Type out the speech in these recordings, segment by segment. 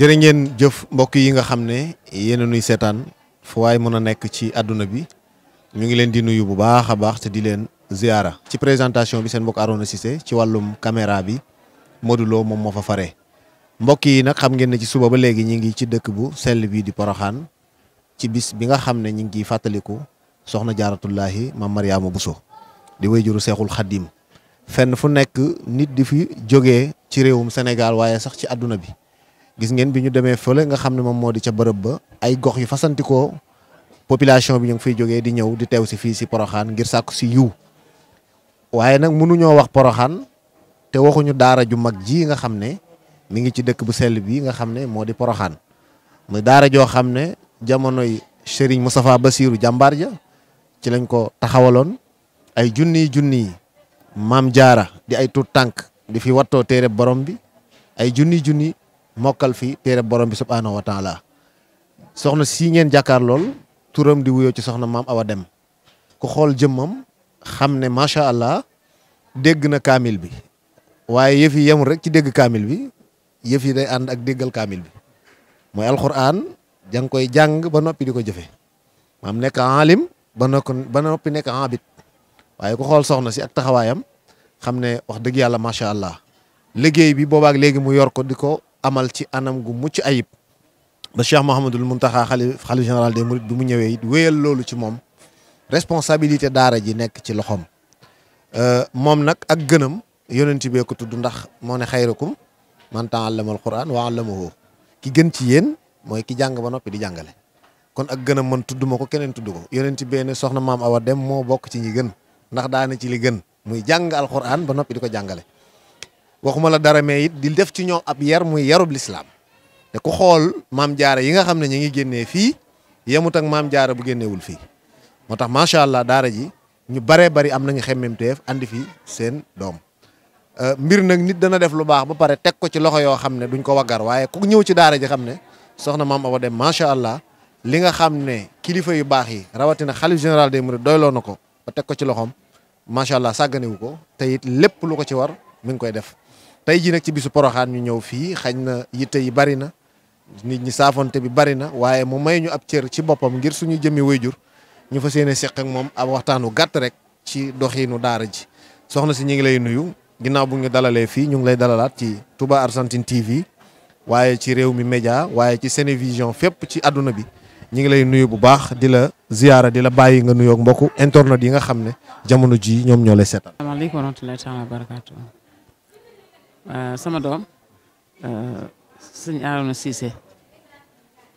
jërë ngeen jëf mbokk yi nga xam ne yéen a nuy seetaan fu waay mën a nekk ci àdduna bi ñu ngi leen di nuyu bu baax a baax te di leen ziyaara ci présentation bi seen mbokk Arona Cissé ci wàllum caméra bi Modou moom moo fa fare mbokk yi nag xam ngeen ne ci suba ba léegi ñi ngi ci dëkk bu sell bii di Poroxaan ci bis bi nga xam ne ñi ngi ciy fàttaliku soxna jaaratullaahi maam Mariama Bousso di wéyjuru seexul xaddim fenn fu nekk nit di fi jóge ci réewum Sénégal waaye sax ci àdduna bi gis ngeen bi ñu demee fële nga xam ne moom moo di ca bërëb ba ay gox yu fasantikoo population bi ñu ngi fiy jógee di ñëw di teew si fii si poroxaan ngir sàkku si yiw waaye nag mënuñoo wax poroxaan te waxuñu daara ju mag ji nga xam ne mu ngi ci dëkk bu sell bi nga xam ne moo di poroxaan mu daara joo xam ne jamonoy mu Moustapha Bassirou jàmbaar ja ci lañ ko taxawaloon ay junniy junniy maam jaara di ay tuut tànk di fi wattoo téere borom bi ay junniy junni mokkal fi téere borom bi subhaanahu wa soxna si ngeen jàkkaar lool turam di wuyoo ci soxna maam Awa Dem ku xool jëmmam xam ne macha allah dégg na kaamil bi waaye yëfi yemul rek ci dégg kaamil bi yëf yi day ànd ak déggal kaamil bi mooy alxuraan jang koy jàng ba noppi di ko jëfe maam nekk alim ba nokk ba noppi nekk abit waaye ku xool soxna si ak taxawaayam xam ne wax dëgg yàlla macha allah liggéey bi boobaak léegi mu yor di ko amal ci anam gu mucc ayib ba Cheikh Mouhamadul Mountakha xalif xalif général des mourides bi mu ñëwee it wéyal loolu ci moom responsabilité daara ji nekk ci loxoom euh, moom nag ak gënam yonent bee ko tudd ndax moo ne xayrakum man ta'allama al-Qur'an wa 'allamahu ki gën ci yéen mooy ki jàng ba noppi di jàngale kon ak gënam man tudd ma ko keneen tudd ko yonent bee ne soxna maam Awa Dem moo bokk ci ñi gën ndax daana ci li gën muy jàng alquran ba noppi di ko jàngale waxumala dara mais it di def ci ñoom ab yar muy yarub lislaam te ku xool maam jaara yi nga xam ne ñu ngi génnee fii yemut ak maam jaara bu génneewul fii moo tax macha allah daara ji ñu bare bari am nañu xemmemteef andi fi seen doom euh, mbir nag nit dana def lu baax ba pare teg ko ci loxo yoo xam ne duñ ko waggar waaye ku ñëw ci daara ji xam ne soxna maam Awa Dem macha allah li nga xam ne kilifa yu baax yi rawatina xalif général des mourides doyloo na ko ba teg ko ci loxoom macha allah sàgganewu ko te it lépp lu ko ci war mi ngi koy def. tey jii nag ci bisu poroxaan ñu ñëw fii xañ na yitte yi bari na nit ñi saafonte bi bari na waaye mu may ñu ab cër ci boppam ngir suñu jëmi wayjur ñu fa yéene seq ak moom ab waxtaanu gàtt rek ci doxiinu daara ji soxna si ñu ngi lay nuyu ginnaaw bu ñu dalalee fii ñu ngi lay dalalaat ci Touba Argentine TV waaye ci réew mi média waaye ci Sénévision fépp ci àdduna bi ñu ngi lay nuyu bu baax di la ziyaara di la bàyyi nga nuyoog mbokk internet yi nga xam ne jamono ji ñoom ñoo lay seetal. asalaamaaleykum Euh, sama doom euh, sëñ Arouna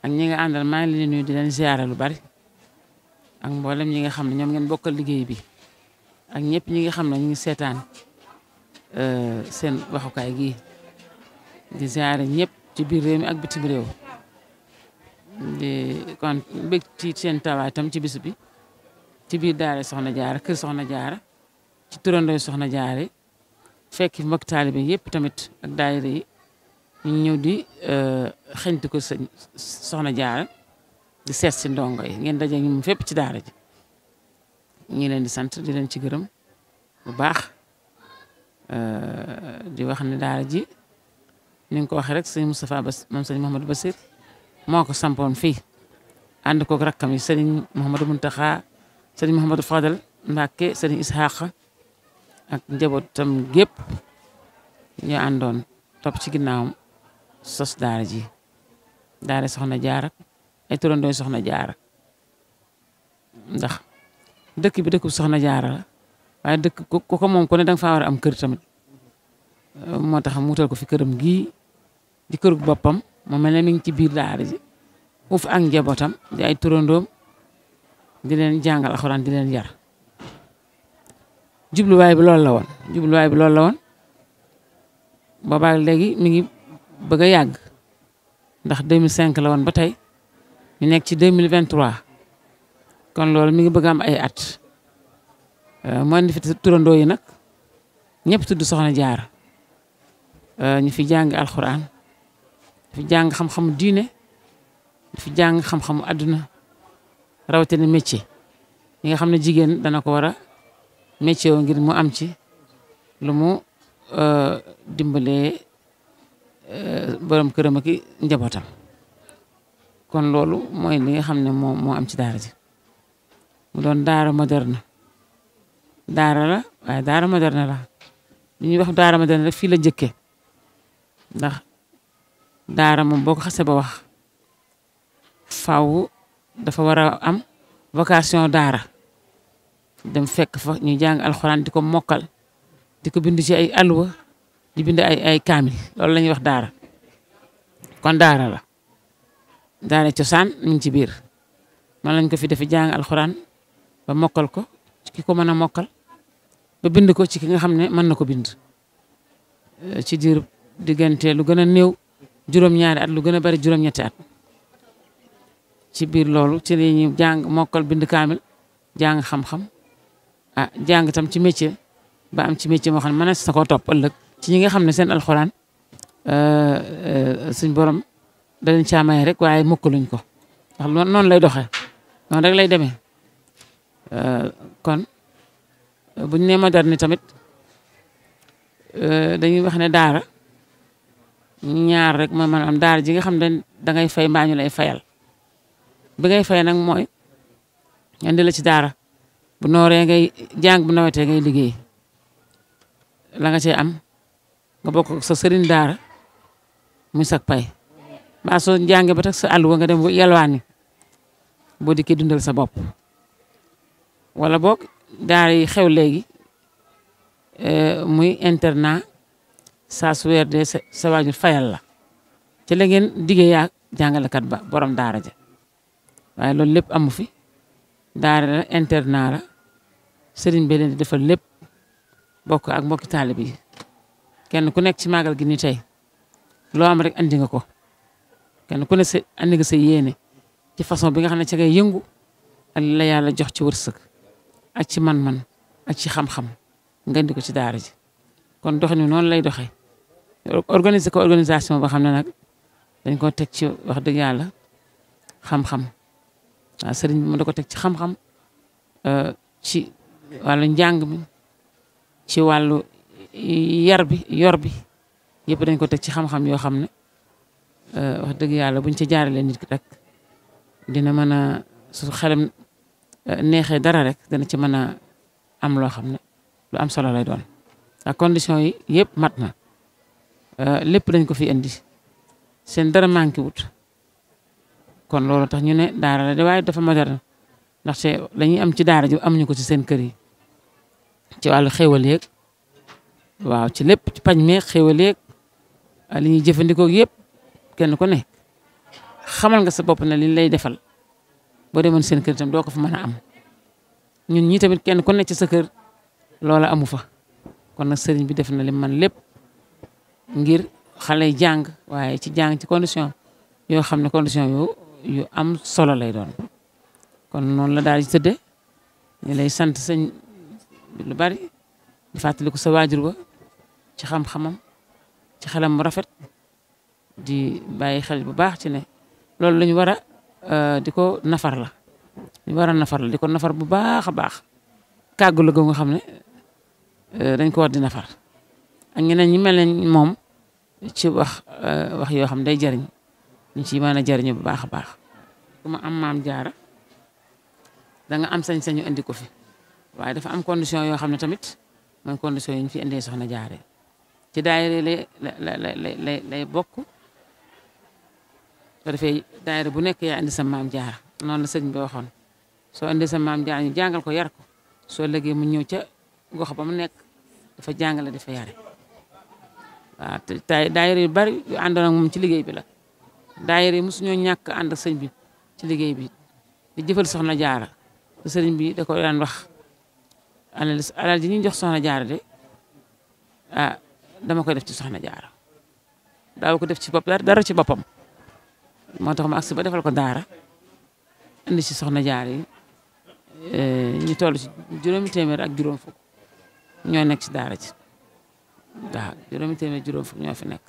ak ñi nga àndal maa ngi leen nuyu di leen ziare lu bari ak mboolem ñi nga xam ne ñoom ngeen bokkal liggéey bi ak ñëpp ñi nga xam ne ñu ngi seetaan euh, seen waxukaay gii di ziare ñëpp ci biir réew mi ak bitim réew di kon bég seen tawaay tam ci bis bi ci biir daara soxna jaara kër soxna jaara ci turandooy soxna jaara fekk fi mbokk taalibe yëpp tamit ak daayira yi ñu ñëw di euh, xeñtu ko sëñ soxna jaara di seet si ndongo yi ngeen daje ñu fépp ci daara ji ñu ngi leen di sant di leen ci gërëm bu baax euh, di wax ne daara ji ni nga ko waxee sëñ Moustapha Bas moom sëñ Mouhamadou Basir moo ko sampoon fii ànd kook rakkam yi sëriñ Mouhamadou Muntaxa sëriñ Mouhamadou Fadal Mbàkke sëriñ Isxaaqa ak njabootam gépp ñu àndoon topp ci ginnaawam sos daara ji daara soxna jaar ak ay turandooy soxna jaar ndax dëkk bi dëkk soxna jaara la waaye dëkk ku ko moom ku ne faa war am kër moo tax mu wutal ko fi këram gii di kërug boppam mu mel ne mi ngi ci biir daara ji uuf ak njabootam di ay turandoom di leen jàngal yar jubluwaay bi loolu la woon jubluwaay bi loolu la boobaag léegi mu ngi bëgg a yàgg ndax 2005 la woon ba tey ñu nekk ci 2023 kon loolu mi ngi bëgg am ay at euh, moo indi fi turandoo yi nag ñëpp tudd soxna jaar euh, ñu fi jàng alxuraan fi jàng xam-xamu diine fi jàng xam-xamu àdduna rawatina métier yi nga xam ne jigéen dana ko war métier ngir mu am ci lu mu euh, dimbalee euh, borom këram ak njabootam kon loolu mooy li nga xam ne moo moo am ci daara ji mu doon daara moderne daara la waaye daara moderne la li ñuy wax daara moderne rek fii la njëkkee ndax daara moom boo ko xasee ba wax faw dafa war a am vocation daara. dem fekk fa ñu jàng alxuraan di ko mokkal di ko bind ci ay alwa di bind ay ay kaamil loolu la ñuy wax daara kon daara la daara cosaan mu ci biir man lañ ko fi defe jàng alxuraan ba mokkal ko ci ki ko mën a mokkal ba bind ko ci ki nga xam ne mën na ko bind euh, ci diir diggante lu gën a néew juróom-ñaari at lu gën a bari juróom at ci biir loolu ci la mokkal bind kaamil jàng xam-xam ah jàng tam ci métier ba am ci métier moo xam ne mën sa koo topp ci ñi nga xam ne seen alxuraan euh, euh, suñ borom danañ caa may rek waaye mukkaluñ ko ndax noonu lay doxee noonu rek lay demee euh, kon bu ñu nee moderne tamit dañuy wax ne daara ñaar rek mooy maanaam daara ji nga xam ne da ngay fay mbaa ñu lay fayal bi mooy indi la ci daara. bu nooree ngay jàng bu nawetee ngay liggéey la nga cee am nga bokk sa sëriñ daara mu sak pay mbaa soo jàngee ba tax sa àll wa nga dem yalwaani boo dikkee dundal sa bopp wala boog daara yi xew léegi eh, muy internat saa su weer dee sa waajur fayal la ci la ngeen diggee yaa jàngalekat ba daara ja waaye loolu lépp amu fi daara la internat sëriñ bi leen lép defal lépp bokk ak mbokki taalib yi kenn ku nekk ci màggal gi ni tey loo am rek andi ko kenn ku ne sa andi nga sa ci façon bi nga xam ne ci ngay yëngu ak la yàlla jox ci wërsëg ak ci man-man ak ci xam-xam nga ko ci daara ji kon doxin wi noonu lay doxee organiser ko organisation boo xam ne nag dañ ko teg ci wax dëgg yàlla xam-xam waaw sëriñ bi da ko teg ci xam-xam euh, wàllu njàng mi ci wàllu yar bi yor bi yëpp dañ ko teg ci xam-xam yoo xam ne euh, wax dëgg yàlla buñ ci jaaralee nit rek dina mën a su xelam euh, neexee dara rek dana ci mën a am loo xam ne lu am solo lay doon ak condition yi yëpp mat na euh, lépp dañ ko fi indi seen dara manqué kon loolu tax ñu ne daara la de waaye dafa moderne ndaxte la ñuy am ci daara ji am ñu ko ci seen kër yi ci wàllu xéwal yeeg waaw ci lépp ci pañ meeg xéwal yeeg li ñuy jëfandikoo yëpp kenn ku ne xamal nga sa bopp ne li lay defal boo demoon seen kër itam doo ko fa mën a am ñun ñii tamit kenn ku ne ci sa kër loola amu fa kon nag sëriñ bi def na li man lépp ngir xale yi jàng waaye ci jàng ci condition yoo xam ne condition yu yu am solo lay doon kon noonu la daal di tëdde ñu lu bari di fàttaliku sa waajur ba ci xam-xamam ci xelam mu rafet di bàyyi xel bu baax ci ne loolu la ñu war a euh, di ko nafar la ñu war a nafar la di ko nafar bu baax a baax kàggu la nga xam ne euh, dañ ko war di nafar ak ñeneen ñi mel ne moom ci wax euh, wax yoo xam day jariñ ñu ci mën jariñu bu baax a baax ku ma am maam jaara da nga am sañ-sañu indi ko fi waaye dafa am condition yoo xam ne tamit mooy condition yi ñu fi indee soxna jaare ci daayira lay bokk soo defee bu nekk yaa indi sa maam jaara noonu la sëñ bi waxoon soo indi sa maam jaara ñu jàngal ko yar ko soo lëggee mu ñëw ca gox ba mu nekk dafa jàngale dafa yare waaw te yu bari yu àndoon ak ci liggéey bi la daayira yi mosuñoo ñàkk ànd ak sëñ bi ci liggéey bi di jëfal soxna jaara sëriñ bi da ko daan wax alal alal ji ñuy jox soxna jaara de ah dama koy def ci soxna jaara daaw ko def ci bopp dara ci boppam moo tax ma agsi ba defal ko daara indi ci soxna jaar yi eh, ñu toll ci juróomi téeméer ak juróom fukk ñoo nekk ci daara ci waaw juróomi téeméer juróom fukk ñoo fi nekk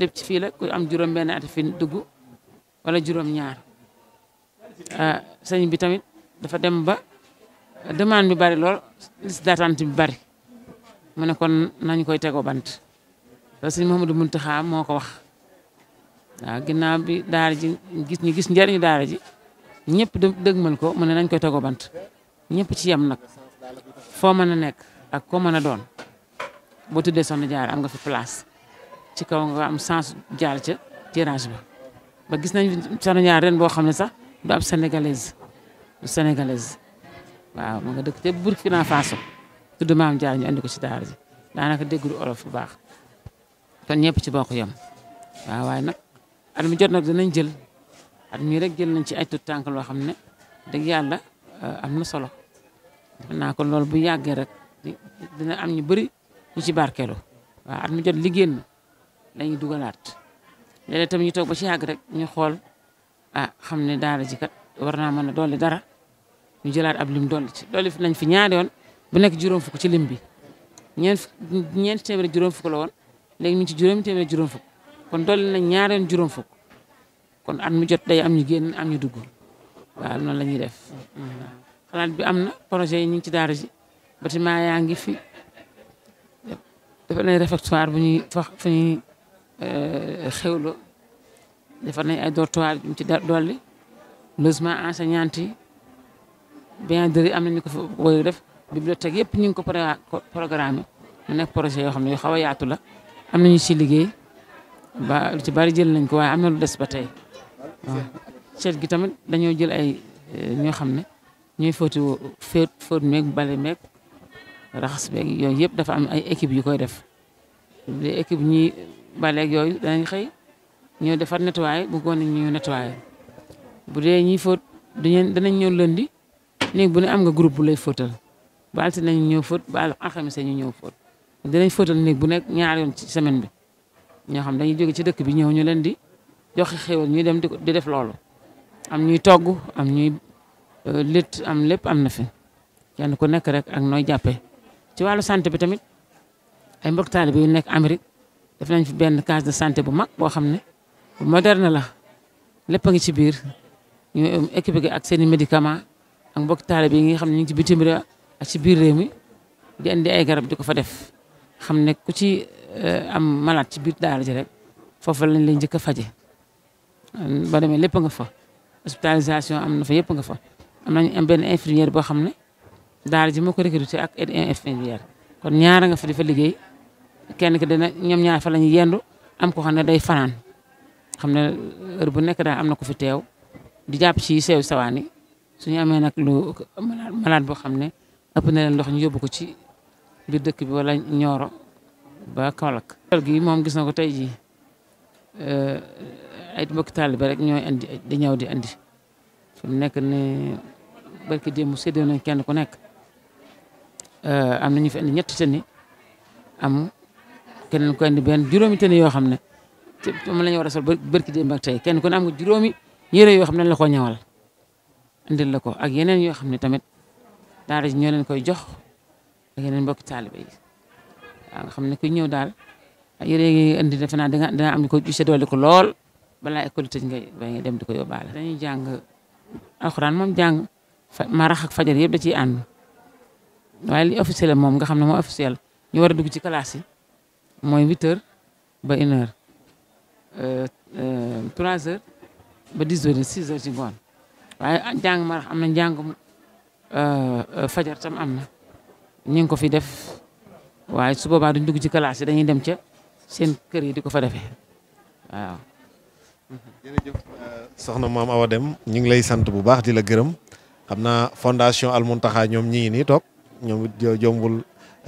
lépp ci fii la ku am juróom benn at fi dugg wala juróom ñaar ah, sëñ bi tamit dafa dem ba demande bi bari lool liste d'attente bi bari mu ne kon nañ koy tegoo bant parce loolu sëñ Mouhamadou Mountakha moo ko wax waaw ginnaaw bi daara ji gis ñu gis njëriñu daara ji ñëpp dëgmal ko mu ne nañ koy tegoo bant ñëpp ci yam nag foo mën a nekk ak koo mën a doon boo tuddee Soxna Jaara am nga fi place ci kaw nga am sens jaar ca tirage ba gis nañ Soxna Jaara ren boo xam ne sax du ab sénégalaise du waaw ma nga dëkk ca Burkina Faso tudd maam Ndiaye ñu andi ko ci daara ji daanaka déggul olof bu baax kon ñëpp ci bokk yam waaw waaye nag at mi jot nag danañ jël at mii rek jël nañ ci ay tut tànk loo xam ne dëgg yàlla eh, am na solo naa kon loolu bu yàggee rek dina am ñu bari ñu ci barkeelu waaw at mi jot liggéey na lañuy dugalaat léeg-léeg tam ñu toog ba ci yàgg rek ñu xool ah xam ne daara ji kat war naa mën a dolli dara ñu jëlaat ab lim dolli ci dolli fi nañ fi ñaari yoon bu nekk juróom fukk ci lim bi ñeent ñeent téeméer juróom fukk la woon léegi ñu ngi ci juróomi téeméer juróom fukk kon dolli nañ ñaari yoon juróom fukk kon at mu jot day am ñu génn am ñu dugg waaw noonu la ñuy def xalaat bi am na projet yi ñu ngi ci daara ji bâtiment yaa ngi fi defar nañ réfectoire bu ñuy wax fu ñuy euh, xewloo defar nañ ay dortoir yu ci dolli logement enseignant yi bien dire am na nañu ko fa woyu def bibliothèque yëpp ñu ngi ko programme mu nekk projet yoo xam ne yu xaw a yaatu la am nañu ci liggéey ba lu ci bari jël nañ ko waaye am na lu des ba tey waaw gi tamit dañoo jël ay eh, ñoo xam ne ñooy fóoti fóot fóot meeg bale meeg raxas beeg yooyu yëpp dafa am ay équipe yu koy def les équipe ñi baleeg yooyu danañ xëy ñoo defar nettoyé bu nañ ñu nettoyé bu dee ñi fóot dañu danañ ñëw lëndi léegi bu ne am nga groupe bu lay fóotal ba altine nañu ñëw fóot ba alxames ñu ñëw fóot dinañ fóotal néeg bu nekk ñaar yoon ci semaine bi ñoo xam dañuy jóge ci dëkk bi ñëw ñu leen di joxe xéwal ñuy dem di def loolu am ñuy togg am ñuy euh, lët am lépp am na fi kenn ku nekk rek ak nooy jàppee ci wàllu santé bi tamit ay mbokk taalibe yu nekk Amérique def nañ fi benn case de santé bu mag boo xam ne bu moderne la lépp a ci biir ñu équipé ak seen i médicament ak mbokk taalibe yi nga xam ne ñu ngi ci bitim réew ci biir réew mi di ay garab di ko fa def xam ne ku ci eh, am malaat ci biir daara ji rek foofu lañ lay njëkk a faje ba demee lépp nga fa hospitalisation am na fa yëpp nga fa am nañu am benn infirmière boo xam ne daara ji moo ko recruté ak infirmière kon ñaara nga fa di fa liggéey kenn ki dana ñoom ñaar fa la ñuy yendu am ko xam ne day fanaan xam ne heure bu nekk daal am na ko fi teew di jàpp ci sew sawaan suñu amee nag lu boo xam ne ëpp na leen ndox ñu yóbbu ko ci biir dëkk bi wala ñooro ba Kaolack. gi moom gis na ko tey jii eh, ay mbokki taalibe rek ñooy andi di ñaw di andi fu mu nekk ni barki mu séddoo nañ kenn ku nekk eh, am na ñu fi andi ñetti tëni am keneen ko andi benn juróomi tëni yoo xam ne ci moom la ñu war a sol barki démb tey kenn ku ne am nga juróomi yére yoo xam ne la ko ñëwal. indil la ko ak yeneen yoo xam ne tamit daara ji ñoo leen koy jox ak yeneen mbokki taalibe yi waaw nga xam ne kuy ñëw daal yére yi indi defe naa danga danga am ko gisee doole ko lool balaa école tëj ngay ba nga dem di ko yóbbaale. dañuy jàng alxuraan moom jàng marax ak fajar yëpp da ciy ànd waaye li officiel moom nga xam ne moo officiel ñu war a dugg ci classe yi mooy 8 ba 1 heure 3 heures ba 10 euh, euh, heures 6 heures ci ngoon. waaye njàng marax am na njàngum euh, fajar tam am na ñu ngi ko fi def waaye su boobaa duñ dugg ci classe yi dañuy dem ca seen kër yi di ko fa defee waaw. jërëjëf euh, soxna maam Awa dem ñu ngi lay sant bu baax di la gërëm xam naa fondation Almuntaxa ñoom ñi ngi toog ñoom it jombul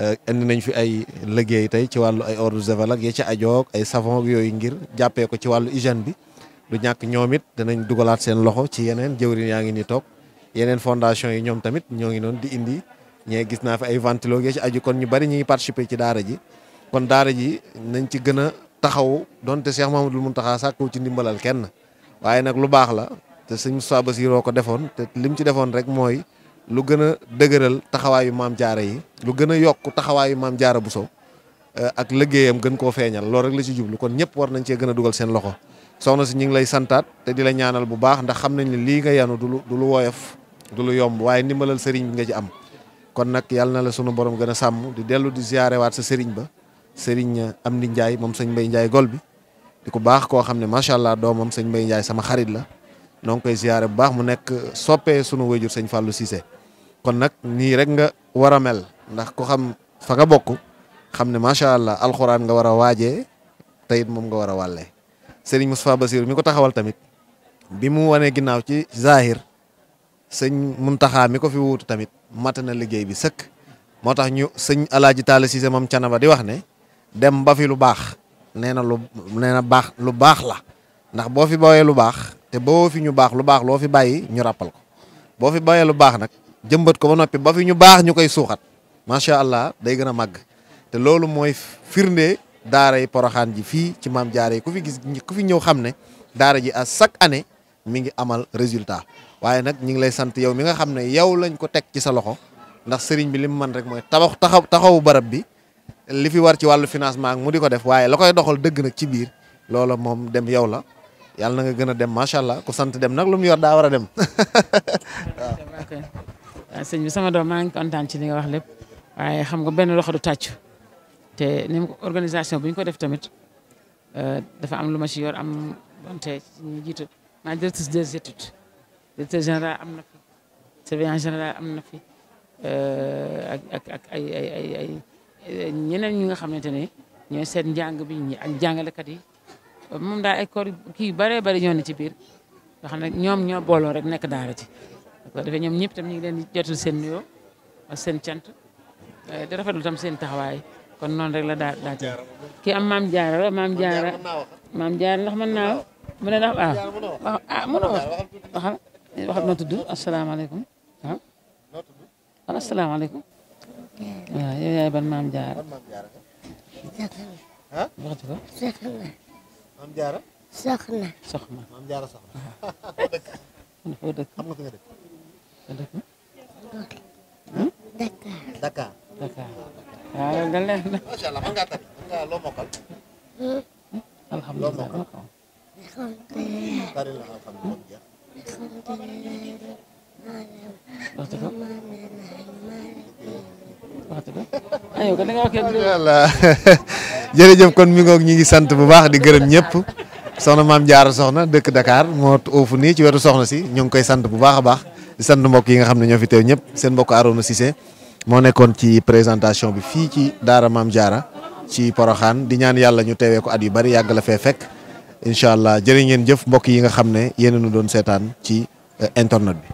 euh, indi nañ fi ay liggéey tey ci wàllu ay ordre de ak ya ca ajoog ay savon yooyu ngir jàppee ko ci wàllu hygiène bi. lu ñàkk ñoom it danañ dugalaat seen loxo ci yeneen jëwriñ yaa ngi ni toog yeneen fondation yi ñoom tamit ñoo ngi noonu di indi ñee gis naa fi ay ventilo ci aju kon ñu bari ñu ngi ci daara ji kon daara ji nañ ci gën a taxaw donte Cheikh Mahamadul Muntaxa sàkku ci ndimbalal kenn waaye nag lu baax la te sëñ saaba Bassirou ko defoon te lim ci defoon rek mooy lu gën a dëgëral taxawaayu maam jaara yi lu gën a yokk taxawaayu maam jaara Bousso eh, ak liggéeyam gën koo feeñal loolu la ci jublu kon ñëpp war nañ cee gën a dugal seen loxo soxna si ñu ngi lay santaat te di la ñaanal bu baax ndax xam nañ ne lii nga yanu du lu du lu woyof du lu yomb waaye ndimbalal sëriñ bi nga ci am kon nag yàlla na la sunu borom gën a sàmm di dellu di waat sa sëriñ ba sëriñ am di njaay moom sëñ Mbaye Ndiaye gol bi di ku baax koo xam ne macha allah doomam sëñ Mbaye Ndiaye sama xarit la noo ngi koy ziare bu baax mu nekk soppee sunu wéjur sëñ Fallou Cissé kon nag nii rek nga war a mel ndax ku xam fa nga bokk xam ne macha allah alxuraan nga war a waajee te moom nga war a wàllee Serigne Moustapha Bassirou mi ko taxawal tamit bi mu wanee ginnaaw ci Zahir sëñ taxaa mi ko fi wuutu tamit mat na liggéey bi sëkk moo tax ñu sëñ Alaaji Taala Siise moom Canaba di wax ne dem ba fi lu baax nee na lu nee na baax lu baax la ndax boo fi bawee lu baax te boo fi ñu baax lu baax loo fi bàyyi ñu rappal ko boo fi bawee lu baax nag jëmbat ko ba noppi ba fi ñu baax ñu koy suuxat macha allah day gën a màgg te loolu mooy firnde daara yi poroxaan ji fii ci maam jaare yi ku fi gis ku fi ñëw xam ne daara ji à chaque année mi ngi amal résultat waaye nag ñu ngi lay sant yow mi nga xam ne yow lañ ko teg ci sa loxo ndax sëriñ bi li mu mën rek mooy tabax taxaw taxawu barab bi li fi war ci wàllu financement mu di ko def waaye la koy doxal dëgg nag ci biir loola moom dem yow la yàlla na nga gën a dem macha allah ku sant dem nag lu mu yor daa war a dem waaw. Euh, sëñ bi sama doom maa ngi kontaan ci li nga wax lépp xam nga benn loxo du te ni organisation bu ñu ko def tamit euh, dafa am lu ma ci yor am wante ñu jiitu maa directrice des am na fi surveillant général am na fi euh, ak ak ak ay ay ñi nga xamante ne ñooy seen njàng bi ñi ak jàngalekat yi moom daal ay koor kii bëree bëri ñoo ne ci biir nga xam ñoom ñoo booloo rek nekk daara ci ko defee ñoom ñëpp tam ñu ngi leen di jotul seen nuyoo seen cant euh, di rafetlu tam seen taxawaay kon noonu la daa maam jaara maam jaara maam jaara ndax mën naa mu ne ndax waaw na wax waxal waxal noo tudd asalaamaaleykum waaw ah, waaw asalaamaaleykum waaw ban maam jaara waxati ko maam jaara soxna soxna maam jaara waaw loolu kon mi ngoog ñi ngi sant bu baax di gërëm ñëpp. soxna maam Diarra soxna dëkk Dakar moo oofu nii ci wetu soxna si ñoo ngi koy sant bu baax a baax di sant mbok yi nga xam ne ñoo fi teew ñëpp seen mbokk Arouna Cissé. moo nekkoon ci présentation bi fii ci Daara Maam Jaara ci Poroxaan di ñaan yàlla ñu teewee ko at yu bari yàgg la fee fekk incha allah jërë ngeen jëf mbokk yi nga xam ne yéen a doon seetaan ci eh, internet bi.